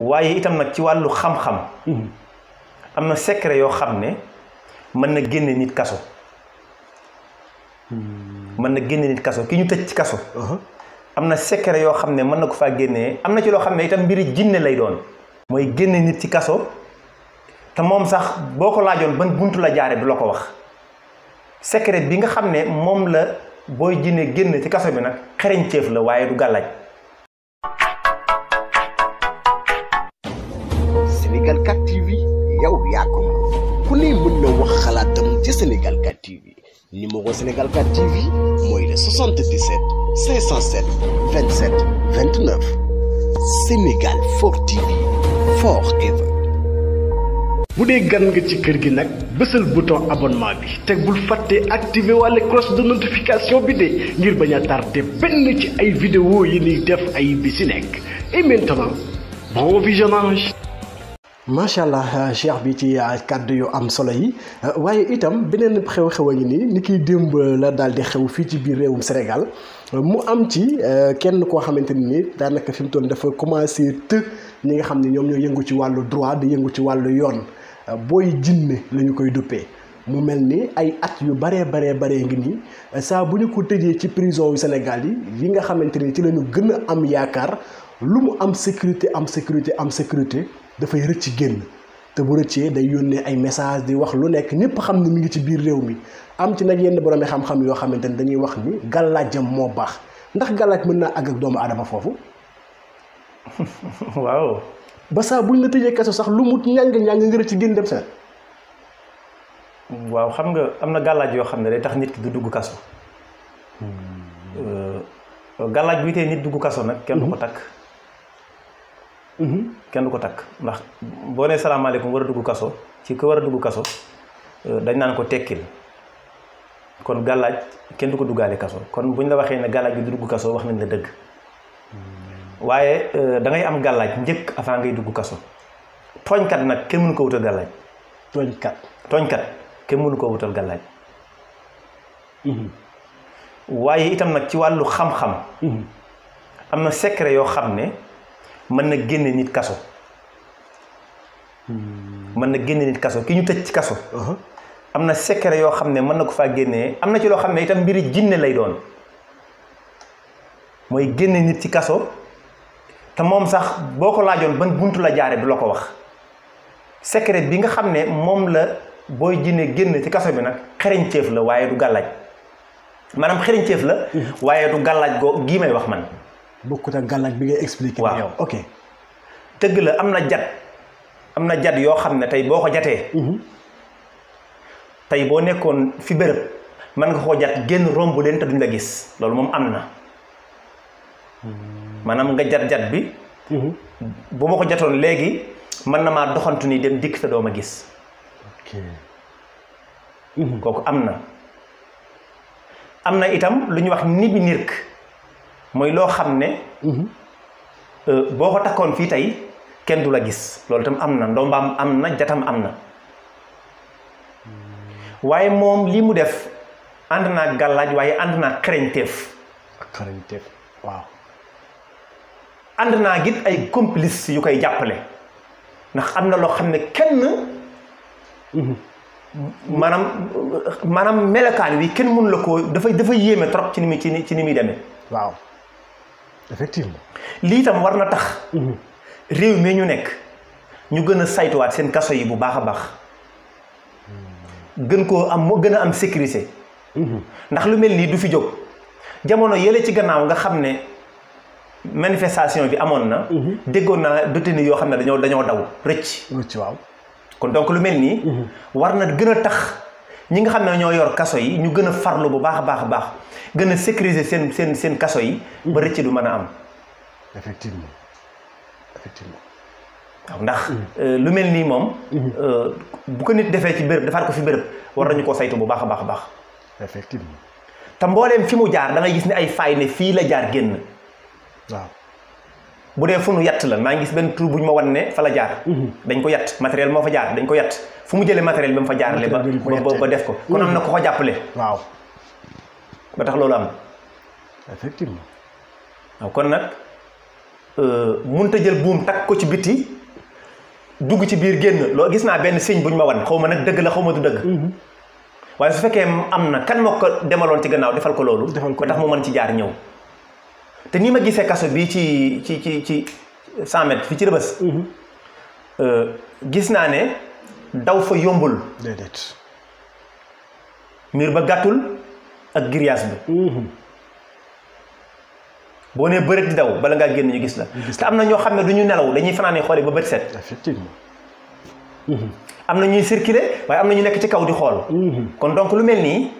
waaye itam nag ci wàllu xam-xam mhm. am na secret yoo xam ne mën na génne nit kaso hmm. mën na génne nit kaso ki ñu tëj ci kaso uh-huh. am na secret yoo xam ne mën na ko faa génnee am na ci loo xam ne itam mbiri jinne lay doon mooy génne nit ci kaso te moom sax boo ko laajoon ban buntu la jaaree du la ko wax secret bi nga xam ne moom la booy jinne génn ci kaso bi nag xereñceef la waaye du gàllaaj Sénégal 4 TV yow yakum. ko ku ne mën na wax xalaatam ci Sénégal 4 TV numéro Sénégal 4 TV mooy le 77 507 27 29 Sénégal 4 TV forever. bu dee gan nga ci kër gi nag le bouton abonnement bi teg bul fàtte activé walla cloche de notification bi de ngir bañ tardé benn ci ay vidéo yi ni def ay et maintenant bon visionnage Masha'allah, allah euh, cheikh bi ci euh, kàddu yu am solo yi euh, waye itam benen xew ni kiy à la de di xew suis ci biir rewum Sénégal mu am ci kenn ko xamanteni ni dafa de te ñi nga xamni yëngu ci droit de yëngu ci walu yoon boy jinné la mu melni ay at yu baree ngi ni sa buñu ko prison Sénégal yi nga am yaakar lu am sécurité am sécurité am sécurité. dafay rëcc génn te bu rëccee day yónnee ay message di wax lu nekk ñépp xam ne mi ngi ci biir réew mi am ci nag yenn borom yi xam-xam yoo xamante ni dañuy wax ni gàllaajam moo baax ndax gàllaaj mën naa àgg doomu aadama foofu. waaw. buñ la tëjee kaso sax lu mu ñàng ñàng nga rëcc génn dem sa waaw xam nga am na gàllaaj yoo xam ne day tax nit ki du dugg kaso. Hmm. Euh, gàllaaj bi tey nit dugg kaso nag. kenn du ko hmm. takk. Mhm. kenn du ko takk ndax boo nee salaamaaleykum war a dugg kaso ci ku war a dugg kaso euh, dañ naan ko tekkil kon gàllaaj kenn du ko duggaale kaso kon bu ñu la waxee ne gàllaaj bi du dugg kaso wax nañ la dëgg waaye euh, dangay am gàllaaj njëkk avant ngay dugg kaso tooñkat nag kenn mënu ko wutal gàllaaj tooñkat kenn mënu ko wutal gàllaaj mhm. waaye itam nag ci wàllu xam-xam mhm. am na secret yoo xam ne mën na génne nit kaso mën na génne nit kaso ki ñu tëj ci kaso uh-huh. am na secret yoo xam ne mën na ko faa génnee am na ci loo xam ne itam mbiri jinne lay doon mooy génne nit ci kaso te moom sax boo ko laajoon ban buntu la jaaree du la ko wax secret bi nga xam ne moom la booy jinne génn ci kaso bi nag xereñceef la waaye du gàllaaj maanaam xereñceef la uh-huh. waaye du gàllaaj goo gii may wax man bokkut ak gàllank bi ngay expliqué. yow ok. dëgg la am na jat am na jat yoo xam ne tey boo ko jatee. Mhm. tey boo nekkoon fi bërëb mën nga koo jat génn romb leen te duñ gis loolu moom am na hmm. maanaam nga jat jat bi. Mhm. bu ma ko jatoon léegi mën na maa doxantu ni dem dikk te doo ma gis. ok. Mhm. kooku am na. am na itam lu ñuy wax nibi nirk mooy loo xam ne. Mhm. Euh, boo ko takkoon fii tey kenn du la gis loolu itam am na ndombaam am na jatam am na waaye moom lii mu def ànd naa gàllaaj waaye ànd naa xarañteef. ak xarañteef ànd naa git ay complice yu koy jàppale ndax am na loo xam ne kenn. Mhm. maanaam maanaam melokaan wi kenn mun la ko dafay dafa yéeme trop ci ni muy ci ni muy demee waaw. effectivement lii tam war na tax. Mhm. réew mi ñu nekk ñu gën a saytuwaat seen kaso yi bu baax a baax. gën koo am moo gën a am sécurité. Mhm. ndax lu mel nii du fi jóg. jamono yële ci gannaaw nga xam ne manifestation bi amoon na. Mhm. déggoon naa détenu yoo xam ne dañoo dañoo daw rëcc. kon donc lu mel nii. war na gën a tax. ñi nga xam ne ñoo yor kaso yi ñu gën a farlu bu baax a baax a baax gën a sécuriser seen seen seen kaso yi. ba rëcc du mën a am. effectivement effectivement. waaw ndax euh, lu mel nii moom. Mhm. Euh, bu ko nit defee ci béréb defaat ko fi béréb war nañu ko saytu bu baax a baax a baax. effectivement. te mbooleem fi mu jaar da gis ne ay faay ne fii la jaar génn. bu dee fu nu yatt la maa ngi gis benn tur bu ñu ma wan ne fa la jaar mhm. dañ ko yatt matériel moo fa jaar dañ ko yatt fu mu jëlee matériel ba mu fa jaarale ba ba def ko kon am na ko ko jàppale waaw ba loolu am effectivement waaw kon nag euh, munta jël buum takk ko ci biti dugg ci biir génn loo gis naa benn signe bu ñu ma ma nag dëgg la xaw ma du dëgg mhm. waaye su fekkee am na kan moo ko demaloon ci gannaaw defal ko loolu ba tax mu mën ci jaar ñëw te ni ma gisee kaso bii ci ci ci ci cent mètres fi ci rëbës. Mhm. Euh, gis naa ne daw fa yombul. miir ba gàttul ak grillage bi. Mhm. boo nee bëreet di daw bala ngaa génn ñu gis la. te am na ñoo xam ne du ñu nelaw dañuy fanaanee xoole ba bët set. effectivement. Mhm. am na ñuy circuler waaye am na ñu nekk ci kaw di xool. kon donc lu mel nii.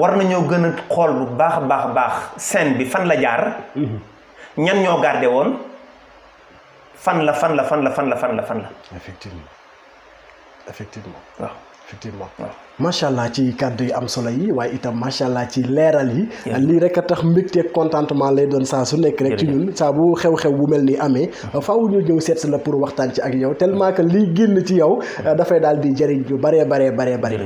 war nañoo gëna xol bu baax baax baax scène bi fan la jaar. ñan ñoo gardé won fan la fan la fan la fan la fan la fan la. effectivement effectivement. waaw effectivement waaw. macha allah ci kàddu yi am solo yi waaye itam macha allah ci leeral yi. lii rek a tax mbégteeg contentement lay doon saa su nekk rek. ci ñun saa bu xew-xew bu mel ni amee. Mm-hmm. faaw ñu ñëw seet si la pour waxtaan ci ak yow tellement que lii génn ci yow mm-hmm. euh, dafay daal di jëriñ ju baree baree baree euh, bari.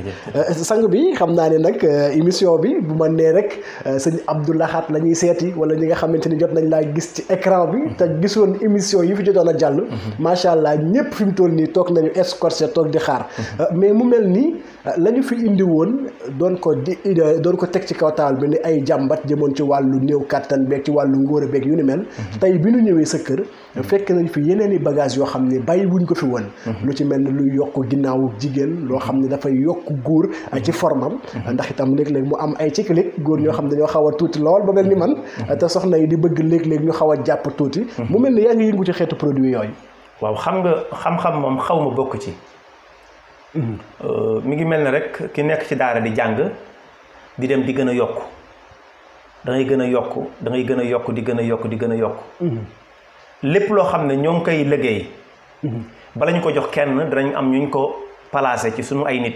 sang bi xam naa ne nag euh, émission bi bu ma nee rek sëñ Abdou Lahad la ñuy seeti wala ñi nga xamante ni jot nañ laa gis ci écran bi. Mm-hmm. te gisoon émission yi fi jotoon a jàll. macha allah ñëpp fi mu toll nii toog nañu escorté toog di xaar. la ñu fi indi woon doon ko di doon ko teg ci kaw taal bi ni ay jàmbat jëmoon ci wàllu néew kàttan beeg ci wàllu ngóor a beeg yu ni mel mhm. tey bi nu ñëwee sa kër fekk nañ fi yeneen i bagage yoo xam ne bàyyi wuñ ko fi woon mhm. lu ci mel ni luy yokk ginnaawu jigéen loo xam ne dafay yokk góor ci mhm. formam ndax itam léegi léeg mu am ay cikalik góor ñoo xam ne dañoo xaw a tuuti lool ba mel ni man te soxna yi di bëgg léeg-léeg ñu xaw a jàpp tuuti mu mel ni yaa ngi yëngu ci xeetu produit yooyu xam nga xam moom xaw ma bokk ci Euh, mi ngi mel ne rek ki nekk ci daara di jàng di dem di gën a yokk da gën a yokk da gën a yokk di gën a yokk di gën a yokk mm-hmm. lépp loo xam ne ñoo ngi koy liggéey mm-hmm. bala ñu ko jox kenn danañ am ñu ñu ko palaase ci suñu ay nit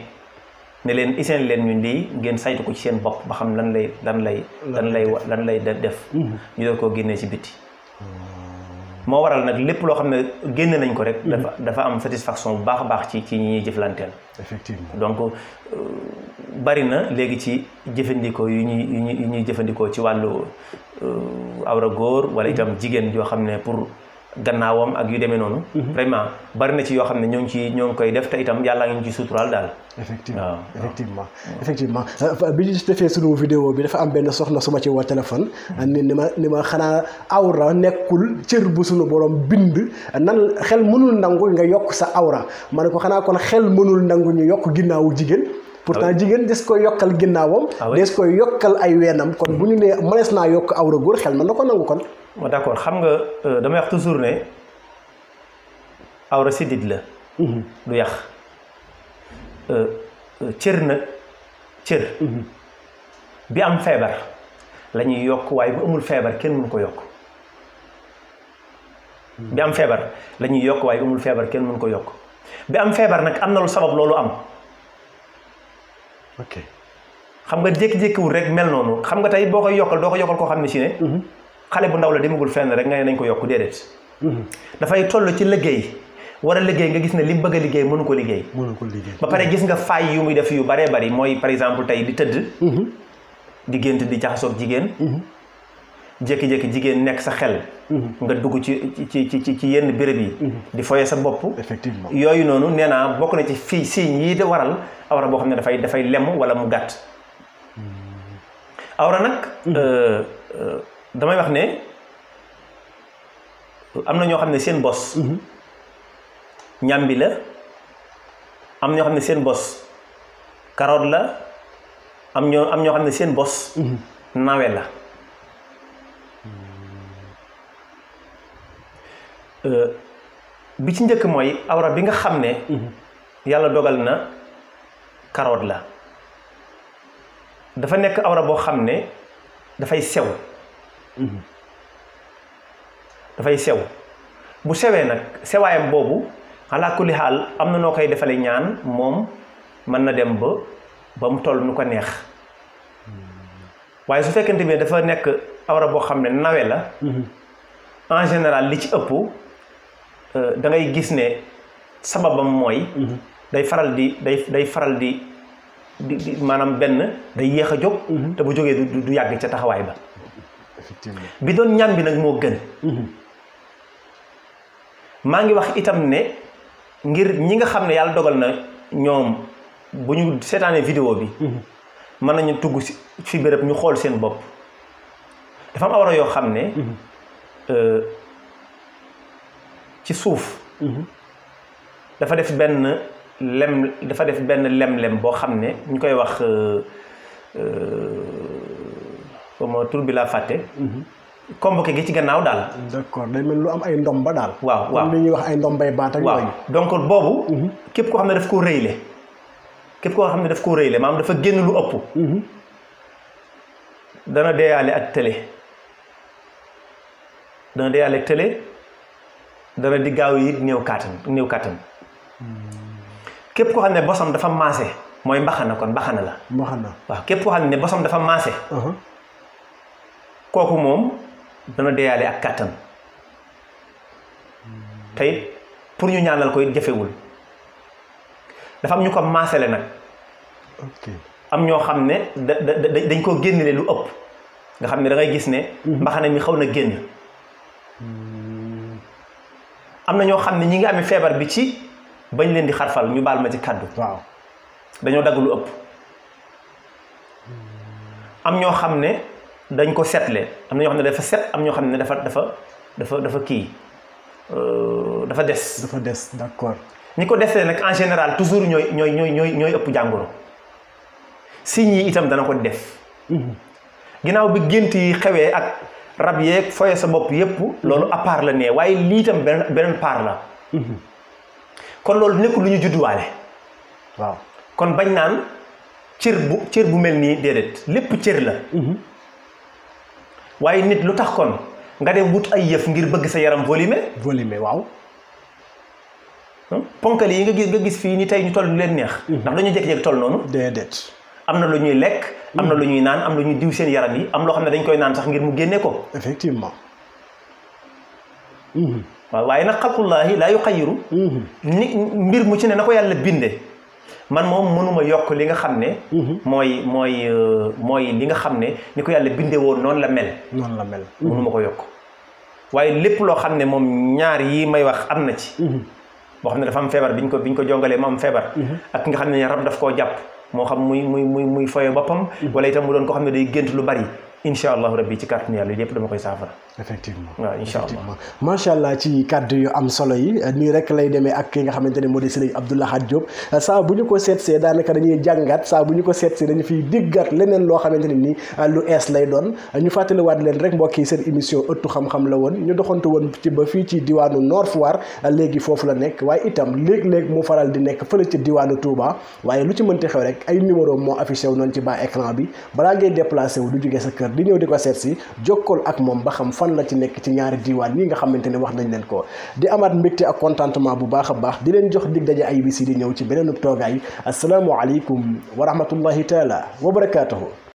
ne leen iseen leen ñu lii ngeen saytu ko ci seen bopp ba xam lan lay lan lay lan lay lan lay def mm-hmm. ñu koo génnee ci biti moo waral nag lépp loo xam ne génne nañ ko rek. Mhm. dafa dafa am satisfaction bu baax a baax ci ci ñi ñuy jëflanteel. effectivement donc euh, bari na léegi ci jëfandikoo yu ñuy yu ñuy jëfandikoo ci wàllu euh, awra góor wala itam jigéen yoo xam ne pour. gannaawam ak yu demee noonu. Mhm. vraiment bari na ci yoo xam ne ñoo ngi ciy ñoo koy def te itam yàlla ngi ci suturaal daal. effectivement effectivement effectivement euh, bi ñu defee sunu vidéo bi dafa am benn soxna su ma ci woo téléphone. Mhm. ni ni ma ni ma xanaa awra nekkul cër bu sunu borom bind nan xel mënul nangu nga yokk sa awra ma ne ko xanaa kon xel mënul nangu ñu yokk ginnaawu jigéen. pourtant jigéen des ko yokkal ginnaawam ah des ko yokkal ay weenam kon bu ñu nee mënees naa yokk awra góor xel mën na ko nangu kon d'accord xam nga euh, damay wax toujours ne awra sidit la mhm. du euh, euh, cër na cër mhm. am feebar la ñuy yokk waaye bu amul feebar kenn mënu ko yokk mhm. bi am feebar yokk waaye bu amul feebar kenn mënu ko yokk bi am feebar nag am na lu sabab loolu am xam nga jékki-jékkiwul rek mel noonu xam nga tey boo koy yokkal doo ko yokkal koo xam ne si mhm. xale bu ndaw la demagul fenn rek nga ne nañ ko yokk déedéet. Mhm. dafay toll ci liggéey war a liggéey nga gis ne li mu bëgg a liggéey mënu ko liggéey. mënu ko liggéey ba pare mhm. gis nga faay yu muy def yu baree bari mooy par exemple tey di tëdd. di gént di jaxasoog jigéen. jékki-jékki jigéen nekk sa xel mhm. nga dugg ci ci ci ci yenn béréb yi mhm. di foye sa bopp effectivement yooyu noonu nee naa bokk na ci fii signe yii di waral awra boo xam ne dafay dafay lem wala mu gàtt awra nag mhm. euh, euh, damay wax ne am na ñoo xam ne seen bos ñambi la am ñoo xam ne seen bos carotte la am ñoo am ñoo xam ne seen bos nawe la bi ci njëkk mooy awra bi nga xam ne mhm. yàlla dogal na karoot la dafa nekk awra boo xam ne dafay sew mhm. dafay sew bu sewee nag sewaayam boobu ala kulli xaal am na noo koy defale ñaan moom mën na dem ba ba mu toll nu ko neex waaye su fekkente bi dafa nekk awra boo xam ne nawe la mhm. en général li ci ëpp Euh, dangay gis ne sababam mooy. Mhm. day faral di day day faral di di di maanaam benn day yéex a jóg. Mhm. te bu jógee du du yàgg ca taxawaay ba. bi doon ñaan bi nag moo gën. Mhm. maa ngi wax itam ne ngir ñi nga xam ne yàlla dogal na ñoom bu ñu seetaanee vidéo bi. mën nañu tugg si fi béréb ñu xool seen bopp dafa am yoo xam ne. Euh, ci suuf dafa def benn lem dafa def benn lem-lem boo xam ne ñu koy wax comme tur bi laa fàtte convoqué gi ci gannaaw daal d'accord day mel lu am ay ndomba daal waaw waaw li ñuy wax ay ndombay baat ak yooyu donc boobu képp koo xam ne daf koo rëyle képp koo xam ne daf koo rëyle maanaam dafa génn lu ëpp dana deeyaale ak télé dana deeyaale ak télé dana di gaaw yi néew kàttan néew kàttan képp koo xam ne bosam dafa maase mooy mbaxana kon mbaxana la mbaxana waaw képp koo xam ne bosam dafa maase kooku moom dana deyaale ak kàttan hmm. te it pour ñu ñaanal ko it jafewul dafa am ñu ko maasele nag am ñoo xam ne da dañ koo génne lu ëpp nga xam ne da gis ne mhm. mbaxana mi xaw na génn hmm. amna na ñoo xam ñi nga amee fièvre bi ci bañ leen di xarfal ñu bal ma ci kàddu waaw dañoo dagg upp am ñoo xamne dañ ko setle am na ñoo xam dafa set am ñoo xamne dafa dafa dafa dafa ki euh dafa dess dafa dess d'accord. ñi ko dessé nak en général toujours ñoy ñoy ñoy ñoy ñoy upp jàngoro signes itam dana ko def. ginaaw bi genti xewé ak rab yek foye ya sa bop yep lolu a part la ne waye li tam benen part la mhm. kon lolu nekkul luñu ñu walé waaw kon bañ nan cër bu cër bu melni dedet lepp lépp cër la mhm. waye nit lu tax kon nga dem wut ay yef ngir bëgg sa yaram volume volume waaw hmm? ponkal yi nga gis nga gis fi ni tay ñu toll lu neex mhm. ndax dañu jek jek toll nonu dedet am na lu ñuy lekk. am na lu ñuy naan am lu ñuy diw seen yaram yi am loo xam ne dañ koy naan sax ngir mu génne ko. effectivement. Mm-hmm. waaye nag xalqullaahi laa yu xayiru mm-hmm. ni mbir mu ci ne na ko yàlla binde man moom mënuma yokk li nga xam ne mm-hmm. mooy mooy euh, mooy li nga xam ne ni ko yàlla bindee woon noonu la mel noonu la mel mënuma ko yokk waaye lépp loo xam ne moom ñaar yi may wax am na ci boo xam ne dafa am feebar biñ ko biñ ko jongalee mu am feebar ak nga xam ne rab daf koo jàpp moo xam muy muy muy muy pam boppam mm-hmm. wala itam mu doon ko xam ne day gént lu bari incha allahu rabbi ci kàttanu yàlla yëpp dama koy saafara effectivement waaw incha allah macha allah ci kàddu yu am solo yi nii rek lay demee ak ki nga xamante ne moo di sëriñ Abdou Lahad Diop saa bu ñu ko seetsee daanaka dañuy jàngat saa bu ñu ko seetsee dañu fiy diggat leneen loo xamante ne nii euh, lu ees lay doon ñu fàttaliwaat leen rek mbokk yi seen émission ëttu xam-xam la woon ñu doxantu woon ci ba fii ci diwaanu Nord Foire léegi foofu la nekk waaye itam léeg-léeg mu faral di nekk fële ci diwaanu Touba waaye lu ci mënti xew rek ay numéro moo affiché wu noonu ci bas écran bi balaa déplacé wu du jógee sa kër di ñëw di ko seet si jokkool ak moom fan la ci nekk ci ñaari diwaan yi nga xamante ne wax nañ leen ko di amaat mbégte ak contentement bu baax a baax di leen jox dig daje ay bis yi di ñëw ci beneenub toogaay asalaamu aleykum wa rahmatullahi taala wa barakaatuhu